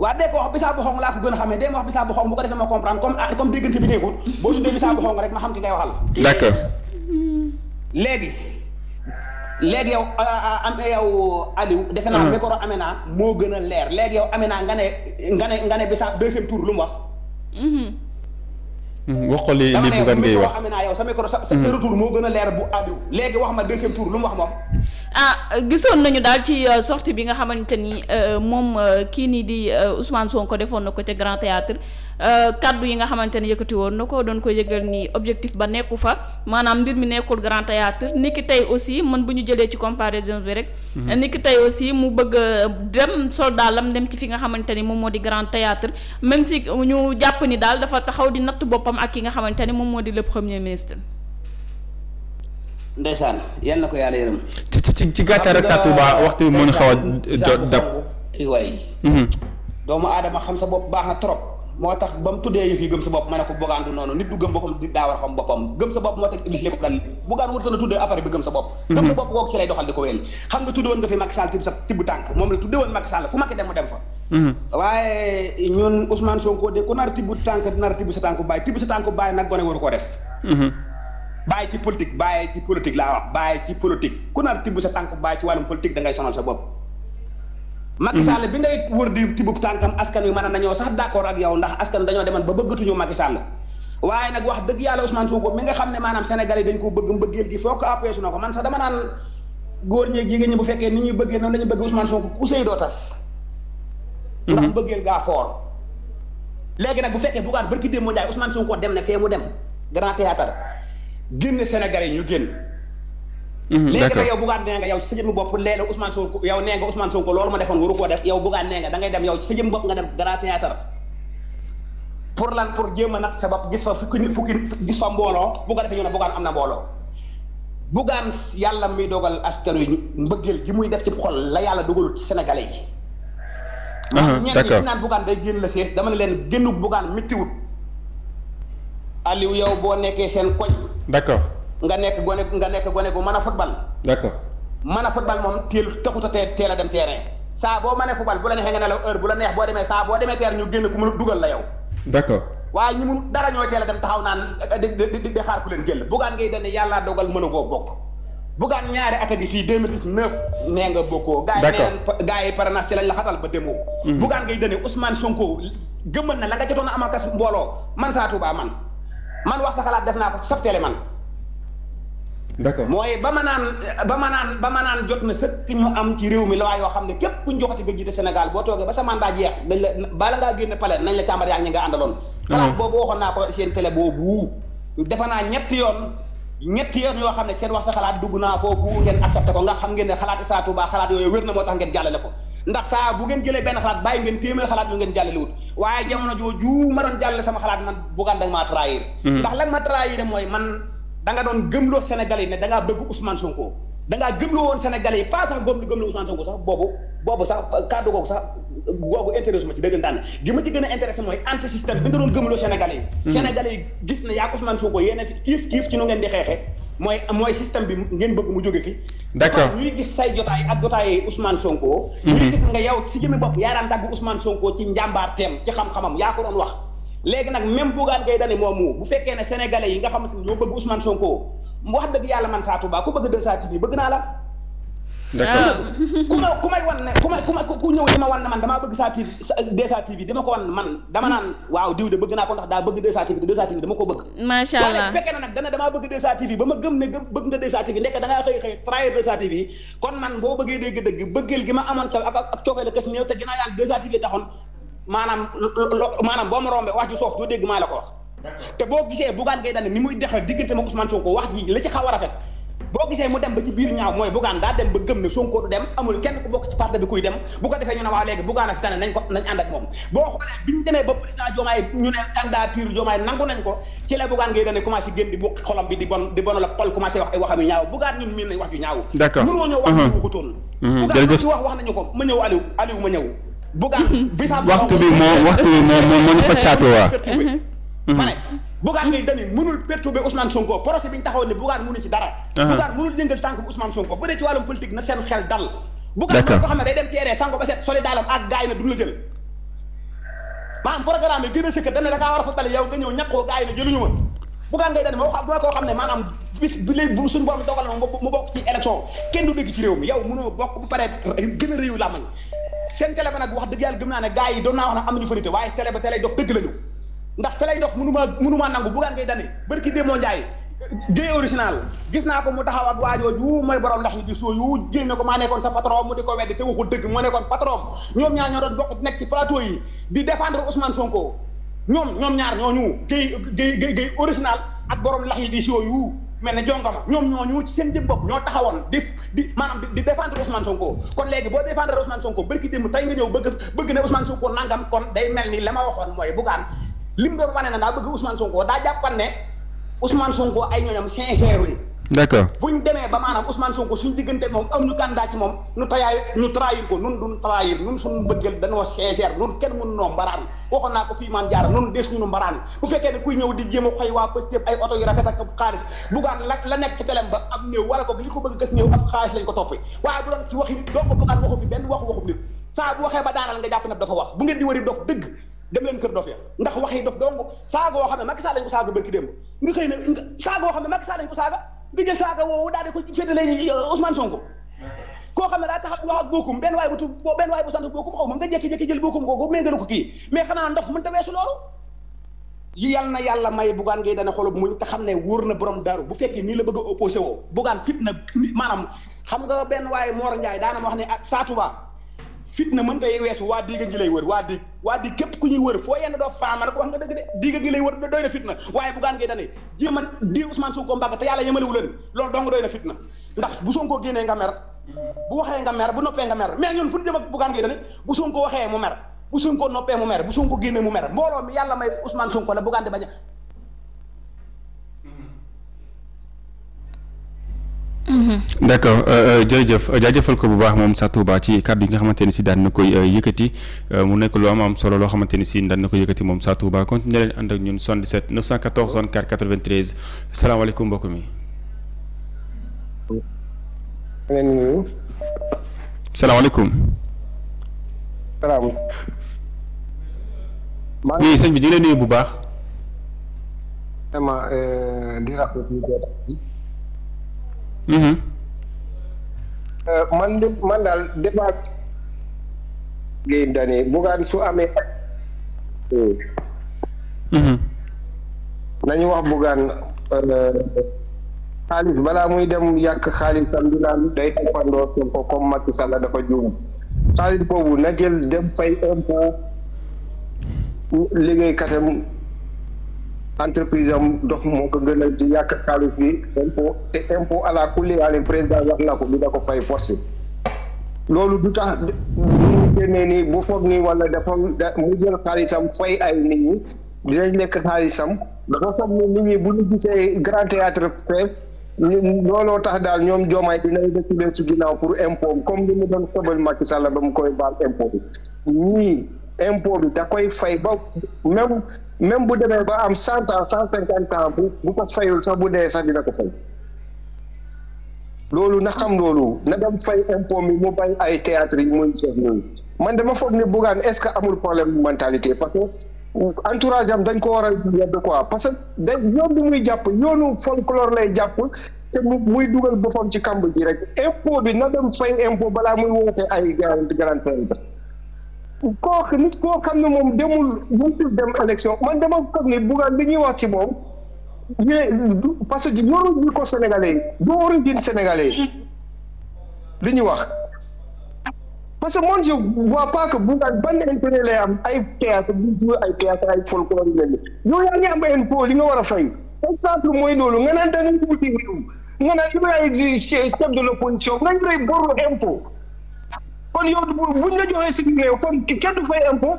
waa dee ko wax bisaabu xong laa ko gën a xamee dee ma wax bisaabu xong bu ko defee ma comprendre comme ah comme déggante bi neexul boo tuddee bisaabu xong rek ma xam ki ngay waxal. d'accord. léegi léegi yow ah, ah, ah, am eh, yow Aliou. defe naa micro mm. Amina moo gën a leer léegi yow naa nga ne nga ne nga ne bisaa deuxième tour lu mu wax. Mm-hmm. Mm, wax ko li li bu gan ngay wax ne yow micro Amina yow sa micro sa sa mm. retour moo gën a leer bu Aliou léegi wax ma deuxième tour lu mu wax moom. ah gisoon nañu daal ci euh, sortie bi nga xamante ni euh, moom euh, kii nii di Ousmane Sonko defoon na ko ca Grand Théâtre kaddu yi nga xamante ni yëkkati woon na ko doon ko yëgal ni objectif ba nekku fa maanaam mbir mi nekkul Grand Théâtre niki tey aussi mën bu ñu jëlee ci comparaison bi rek. Mhm. niki tey aussi mu bëgg dem soldat lam dem ci fi nga xamante ni moom moo di Grand Théâtre même si ñu jàpp ni daal dafa taxaw di natt boppam ak yi nga xamante ni moom moo di le premier ministre. ndeysaan ci ci gàttal rek saa Touba waxtu bi moo ñu xaw a dab. waay. Mhm. doomu aadama xam sa bopp baax na trop moo tax ba mu tuddee yëf yi gëm ma ko bogaandu noonu nit du gëm boppam nit daa war a xam boppam gëm sa bopp moo tax iblis lépp dal bugaan wartoon a tuddee affaire bi gëm sa bopp mhm. gëm sa bopp kooku ci lay doxal di ko wéyal xam nga tuddewoon nga fi Macky Sall tibb sa tibb tànk moom la tuddewoon Macky Sall fu Macky dem mu dem fa mhm. waaye ñun Ousmane Sonko de ko nar tibb tànk nar tibb sa tànk bàyyi tibb sa tànk bàyyi nag gone waru koo def bàyyi ci politique bàyyi ci politique laa wax bàyyi ci politique ku nar tibb sa tànk bàyyi ci wàllum politique da ngay sonal sa bopp. Macky Sall bi ngay wër di tibbub tànkam askan wi mën nañoo sax d'accord ak yow ndax askan dañoo deman ba bëggatuñu Macky Sall waaye nag wax dëgg yàlla Ousmane Sonko mi nga xam ne maanaam Sénégalais dañ ko bëgg mbëggeel gi foo ko su na ko man sax dama naan góor ñeeg jigéen ñi bu fekkee ni ñuy bëggee noonu la ñu bëgg Ousmane Sonko ku sëy mhm. nag bu fekkee Bougane barki démb Ndiaye Ousmane Sonko dem na fee mu dem Grand Théâtre génne Sénégalais yi ñu génn. Mhm, léegi nag yow bugaan nee nga yow ci sa jëmmi bopp léeg-léeg Ousmane Sonko yow nee nga Ousmane loolu ma defoon waru ko def yow bugaan nee nga da ngay dem yow ci sa jëmmi bopp nga dem grand théâtre pour lan pour jéem a nag sabab bopp gis fa fukki fukki gis fa mbooloo bu ko defee ñu ne bugaan am na mbooloo bugaan yàlla muy dogal askan wi mbëggeel gi muy def ci xol la yàlla dogalut ci sénégalais yi. ñenn ñi naan bugaan day génn la sees dama ne leen génnu bugaan méttiwut Aliou yow boo nekkee seen koñ. d'accord nga nekk gone nga nekk gone gu mën a football. d'accord mën a football moom teel taxut a tee dem terrain saa boo mënee football bu la neexee nga nelaw heure bu la neex boo demee saa boo demee terrain ñu génn ku mënul dugal la yow. d'accord waaye ñi mun dara ñooy teel a dem taxaw naan di di di xaar ku leen jël bugaan ngay dem ne yàllaa dogal mën a koo bokk. bugaan ñaari at a ngi fii 2019 nee nga bokkoo. d'accord gars yi nee gars yi parrainage ci lañ la xatal ba demoo. Mm-hmm. bugaan ngay dane Ousmane Sonko gëmal na la nga jotoon a amal kas mbooloo man saa Touba man. man wax sa xalaat def naa ko ci sab télé man. d'accord mooy ba ma naan ba ma naan ba ma naan jot na sëkk ñu am ci réew mi la yoo xam ne képp ku ñu joxati nga jiite Sénégal boo toogee ba sa mandat jeex dañ la bala ngaa génn pale nañ la càmbar yaa ngi nga àndaloon. Mm. xalaat boobu waxoon naa ko seen télé boobu. defe naa ñetti yoon ñetti yoon yoo xam ne seen wax sa xalaat dugg naa foofu ngeen accepté ko nga xam ngeen ne xalaat Issa Touba xalaat yooyu wér na moo tax ngeen jàllale ko ndax saa bu ngeen waaye jamono jooju ma doon jàll sama xalaat man buggaan da nga maa trahir. Hmm. ndax lan ma trahir mooy man da nga doon gëmloo Sénégalais yi ne da ngaa bëgg Ousmane Sonko. da ngaa gëmloo woon Sénégalais yi pas sax góob gëmloo Ousmane Sonko boobu boobu sax kàddu googu sax googu intéressé ma ci dëggantaan gi ci gën a intéressé mooy anti système bi nga doon gëmloo Sénégalais yi. Hmm. Sénégalais yi gis na yaa Ousmane Sonko yéen a fi kiif kiif ci nu ngeen di xeexee mooy mooy système bi ngeen bëgg mu jóge fi. d'accord ñuy gis say jotaay ak jotaay Ousmane Sonko. Mhm. ñuy gis nga yow si jëmmi bopp yaa daan tàgg Ousmane Sonko ci njàmbaar ci xam-xamam yaa ko doon wax. léegi nag même Bougane Gueye Dany moomu bu fekkee ne sénégalais yi nga xamante ni ñoo bëgg Ousmane Sonko wax dëgg yàlla man saa Touba ku bëgg 2STV bëgg naa la. d'accord euh, ku ma ku may wan ne ku may ma ku ñëw ma wan ne man damaa bëgg Sa TV Desa ko wan man dama naan waaw diw de bëgg naa ko ndax daa bëgg Desa TV te Desa TV dama ko bëgg. macha allah ma gëm ne bëgg nga Desa TV ndekk da ngaa xëy xëy trahir Desa TV kon man boo bëggee dégg dëgg bëggeel gi ma amoon coofee la kes néew te ginnaaw yàlla Desa TV taxoon maanaam maanaam boo ma rombee wax ju soof doo dégg maa la ko wax. te boo gisee bugaan gee daan ni muy dexe diggante ma Ousmane Sonko wax ji la ci xaw a rafet boo gisee mu dem ba ci biir ñaaw mooy Bougane daa dem ba gëm ne Sonko du dem amul kenn ku bokk ci parti bi kuy dem bu defee ñu ne waa léegi Bougane a fi tane nañ ko nañ ko ci la Bougane ngay dane commencé génn di bu xolam bi di bon di bonal ak xol commencé wax ay waxam yu ñaaw Bougane ñun miin nañ wax yu ñaaw d'accord mënoo wax ñu uh-huh. uh-huh. wax wax nañu ko ma ñëw Aliou Aliou ma ñëw Bougane uh-huh. bisaab waxtu bi moo waxtu bi moo moo ñu ko caatoo waa Mhm. ma ne Bougane ngay dani mënul perturber Ousmane Sonko procès bi ñu taxaw ne Bougane mënu ci dara Bougane mënul yëngal tànk bu Ousmane ci wàllum sango ba set soli ak gaay na duñ la jël maanaam programme yi gën a sëkk dana da ngaa war a football yow nga ngay dani mu bokk ci élection kenn du dégg ci réew mi yow mënoo bokk bu pare gën a réew làmmañ seen télé ba nag wax dëgg yàlla gëm naa ne gaay yi doon naa wax na am nañu farité waaye télé ba télé dof dëgg lañu ndax te lay dox mënumaa mënumaa nangu buggaan ngay dane bërki démoo njaay géey original gis naa ko mu taxaw ak waajooju mooy borom ndax yi di soo yu na ko maa nekkoon sa patron mu di ko wedd te waxul dëgg mu nekkoon patron ñoom ñaar ñoo doon bokk nekk ci plateau yi di défendre Ousmane Sonko ñoom ñoom ñaar ñooñu ak borom lax yi di yu mel ne jongama ñoom ñooñu ci seen jëm bopp ñoo taxawoon di di maanaam di défendre Ousmane Sonko kon léegi boo défendre Ousmane Sonko bërki démb tey nga ñëw bëgg bëgg ne Ousmane Sonko nangam kon day mel ni la ma waxoon mooy bugaan lim doon wane na daa bëgg Ousmane Sonko daa jàppan ne Ousmane Sonko ay ñoñam sincère ñu bu ñu demee ba maanaam Ousmane Sonko suñu diggante moom am ñu candidat ci moom ñu tayaay ñu kuy ñëw di jéem a xoy waa Pastef ay oto ba am néew wala ko li ko bëgg gës néew ab xaalis lañ ko toppee waaye bu doon ci waxi nit donc bugaan waxu fi benn wax waxu nit saa bu waxee ba daanal nga jàpp ne dafa wax bu ngeen di wari dof dëgg dem leen kër dof ya ndax waxi dof dong saaga woo xam ne Macky Sall lañ ko saaga bërki démb nga xëy saaga woo xam ne Macky Sall lañ ko saaga nga jël saaga ko euh, koo xam ne daa tax wax ak bokkum benn waay bu tu benn waay bu sant bokkum xaw ma nga ko kii mais xanaa ndof mën ta na yàlla may bugaan ngay dana xolub muñ xam ne wóor na borom daru bu fekkee nii la bëgg a opposé woo bugaan fit na maanaam xam nga benn waaye Mor Ndiaye daana wax ne ak ah, Satouba fitna mënta yi weesu waa diiga gi lay wër waa diig waa diig képp ku ñuy wër foo yenn doo faama na wax nga dëgg de diiga gi lay wër doy na fitna waaye bu gaan ngay dane jéem a di Ousmane Sonko doy na fitna ndax bu Sonko génnee nga mer bu waxee nga mer bu noppee nga mer mais ñun fu ñu jëm ak bu gaan ngay dane bu Sonko waxee mu mer bu Sonko noppee mu mer bu Sonko génnee mu mer mbooloo mi yàlla may Ousmane Sonko la bu di bañ Mm-hmm. d' accord euh, euh, jërëjëf jaajëfal ko bu baax moom sa Touba ci kàddu yi nga xamante ni si daan na koy euh, yëkkati mu nekk lu am am solo loo xamante ni si daan na koy yëkkati moom sa Touba continué leen ànd ak ñun 77 914 64 93 salaamaaleykum mbokk mi. salaamaaleykum. salaam. bi ñu ngi lay nuyu bu baax. vraiment Mm-hmm. Euh, man de man daal débat ngay danee Bougane su amee mm-hmm. nañu wax Bougane euh, xaalis balaa muy dem yàq xaalisam di naan day toppandoo Sonko comme Macky Sall dafa juum xaalis boobu na jël dem fay impôt liggéeykatam entreprise am dox moo ko gën a di yàq xaalis bi impôt te impôt à la kulli président wax na ko bi da ko fay forcé loolu du tax mu génnee bu foog nii wala dafa mu jël xaalisam fay ay nit ñi dinañ lekk xaalisam dafa foog ni nit bu ñu gisee grand théâtre feef looloo tax daal ñoom joomaay dinañ dëkk leen ci ginnaaw pour impôt comme li mu doon sobal Macky Sall ba mu koy baal impôt bi ñii impôt bi da koy fay ba même même bu demee ba am cent ans cent cinquante ans bu bu ko fayul sax bu dee sax dina ko fay loolu na xam loolu na dem fay impôt mi mu bay ay théâtre yi muy seet yooyu man dama foog ni Bougane est-ce que amul problème mentalité parce que entourage dañ ko war a yedd quoi parce que da yoon bi muy jàpp yoonu folklore lay jàpp te muy dugal boppam ci kamb ji rek impôt bi na dem fay impôt balaa muy woote ay garanti garanti kooku nit koo xam ne moom demul musul dem élection man dama xam ne Bougane li ñuy wax ci moom ñu parce que yoru ñu ko sénégalais yi du origine sénégalais yi li ñuy wax parce que man je vois pas que Bougane ban intérêt am ay théâtre di jouer ay théâtre ay folklore yu mel ni yow yaa ngi am impôt li nga war a fay exemple mooy loolu nga naan da nga wuti réew nga naan yow yaay chef de l'opposition nga ñu lay boru impôt kon yow buñ la joxee suñu réew kon kenn du fay impôt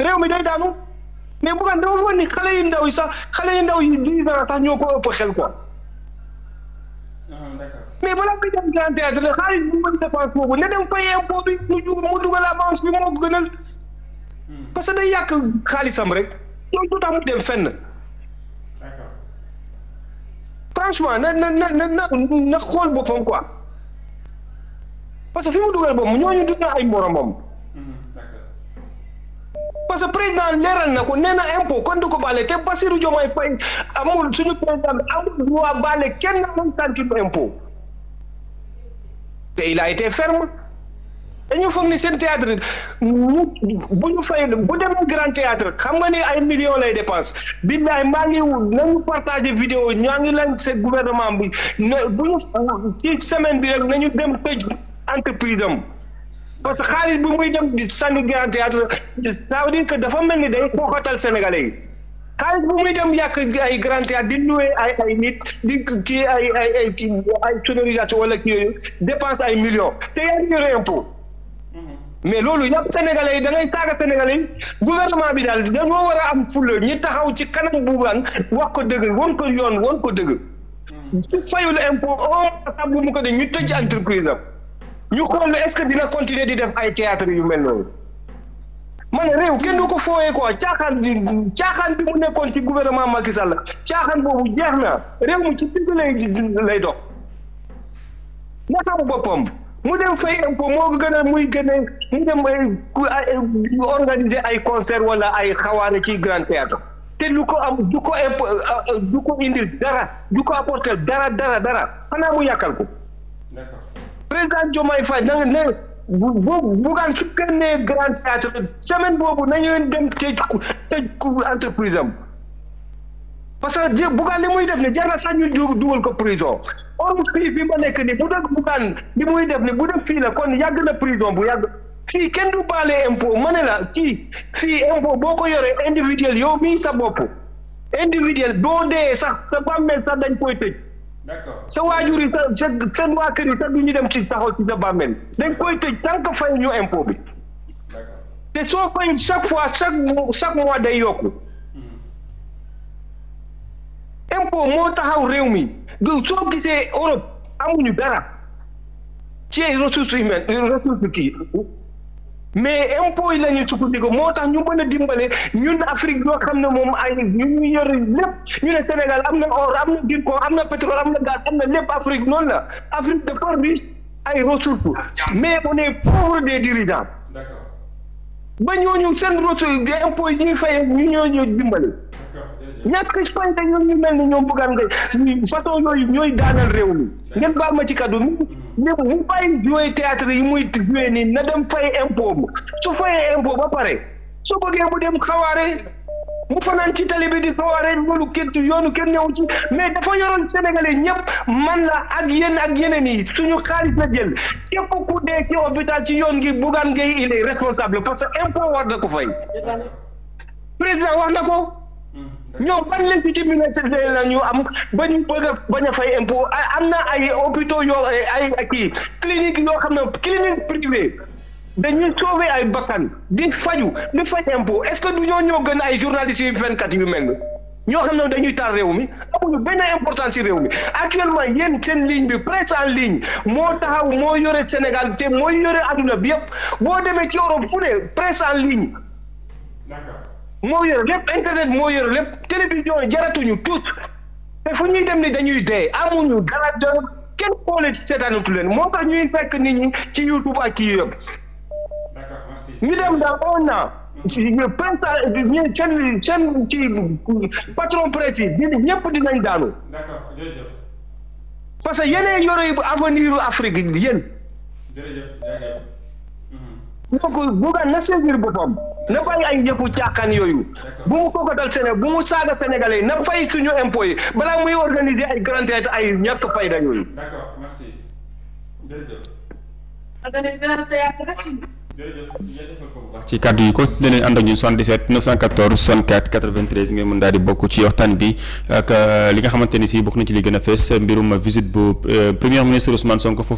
réew mi day daanu mais bu kan dafa foog ni xale yu ndaw yi sax xale yu ndaw yi dix ans sax ñoo ko ëpp xel quoi. Ah, mais balaa muy dem cent dem fay impôt bi mu dugal avance bi moo gënal hmm. parce que day yàq xaalisam rek loolu du tax mu dem fenn franchement na na na na xool boppam quoi parce que fi mu dugal boobu ñooñu duñu ay moromam. Mm-hmm, parce que président leeral na ko nee na impôt kon du ko baale te Bassirou Diomaye Faye amul suñu président amul droit baale kenn amul centime impôt te il a été ferme dañu foog ni seen théâtre bu ñu fay bu demee grand théâtre xam nga ni ay millions lay dépense billaay maa ngi nañu partager vidéo ñaa ngi lañ seen gouvernement bi bu ñu ci semaine bi rek dem tëj entreprise am parce que xaalis bu muy dem di sànni Grand Théâtre ça veut dire que dafa mel ni day xooxatal sénégalais yi xaalis bu muy dem yàq ay Grand Théâtre di louer ay ay nit di kii ay ay sonorisation wala kii yooyu dépense ay million te yaa ngi yore mais loolu yàpp sénégalais yi da ngay saaga sénégalais yi gouvernement bi daal dañoo war a am fulla ñi taxaw ci kanam buuban wax ko dëgg won ko yoon won ko dëgg hmm. su fayul impôt o bu mu ko de ñu tëj entreprise am ñu xool ne est-ce que dina continuer di def ay théâtre yu mel noonu ma réew kenn du ko fooyee quoi caaxaan caaxaan bi mu nekkoon ci gouvernement Macky Sall caaxaan boobu jeex na réew mi ci digg lay lay dox na xam boppam mu dem fay impôt moo gën a muy gën a mu dem ay organiser ay concert wala ay xawaare ci grand théâtre te lu ko am du ko impo du ko indil dara du ko apporter dara dara dara xanaa mu yàkkal ko président Diomaye Faye na nga ne bu bu bugaan su génnee grand théâtre semaine boobu nañu leen dem tëj tëj entreprise am parce que jé bugaan li muy def ni jar sañu sax ñu ko prison or fii bi ma nekk ni bu doon bugaan li muy def ni bu def fii la kon yàgg na prison bu yàgg fii kenn du baale impôt ma la ci fii impôt boo ko yoree individuel yow mii sa bopp individuel boo dee sax sa bàmmeel sax dañ koy tëj d'accord sa waajur yi sa seen waa kër yi sax du ñu dem ci taxaw ci sa bàmmeel dañ koy tëj tant que fay ñu impôt bi te soo fay chaque fois chaque chaque mois day yokku hmm. impôt moo taxaw réew mi soo gisee Europe amuñu dara ci ressources humaines ressources kii mais impôt yi la ñuy sukkandiku moo tax ñu mën a dimbale ñun Afrique yoo xam ne moom ay ñun ñu yor lépp ñu ne Sénégal am na or am na zircon am na pétrole am na daal am na lépp Afrique noon la Afrique dafa riche ay ressources mais on est pauvre des dirigeants ba ñooñu seen ressources impôt yi ñuy fay ñu ñoo ñu dimbale. ñàkk fayda ñoom ñu mel ni ñoom buggaan ngay façon yooyu ñooy daanal réew mi ngeen baal ma ci kaddu mi mais bu bàyyi joué théâtre yi muy joué nii na dem fay impôt su fayee impôt ba pare su bëggee mu dem xawaare mu fanaan ci tali di xawaare loolu kenn yoonu kenn newu ci mais dafa yoroon sénégalais ñëpp man la ak yéen ak yeneen yi suñu xaalis la jël képp ku de ci hôpital ci yoon gi buggaan ngay il est responsable parce que impôt war na ko fay président ñoom ban légitimité la ñu am ba ñu bëgg a bañ a fay impôt am na ay hôpitaux yoo ay ay clinique yoo xam ne clinique privée dañuy sauver ay bakkan di faju di fay impôt est-ce que du ñoo ñoo gën ay journalistes yu 24 yu mel ni ñoo xam ne dañuy taal réew mi amuñu benn importance si réew mi actuellement yéen seen ligne bi presse en ligne moo taxaw moo yore Sénégal te moo yore adduna bi yëpp boo demee ci Europe fu ne presse en ligne. moo yor lépp internet moo yor lépp télévision yi jaratuñu tout te fu ñuy dem ni dañuy dee amuñu dara dara kenn xoolee seetaanatu leen moo tax ñuy fekk nit ñi ci YouTube ak ci yëpp ñu dem daal on a presse ñun ci patron presse yi ñëpp dinañ daanu. d'accord jërëjëf. parce que yeneen yore avenir Afrique yéen. jërëjëf jërëjëf. Mhm. donc Bougane na saisir boppam. na bàyyi ay yëfu caaxaan yooyu bu mu kokatal Sénégal bu mu saaga sénégalais na fay suñu impôt yi balaa muy organiser ay grand théâtre ay ñàkk fayda yooyu. d'accord merci jërëjëf. jërëjëf defal ko bu baax ci kàddu yi ko dinañ ànd ak ñun 77 914 64 93 ngeen mën daal di bokk ci waxtaan bi euh, li nga xamante ni si bokk na ci li gën a fees mbirum visite bu euh, premier ministre Ousmane Sonko foofu.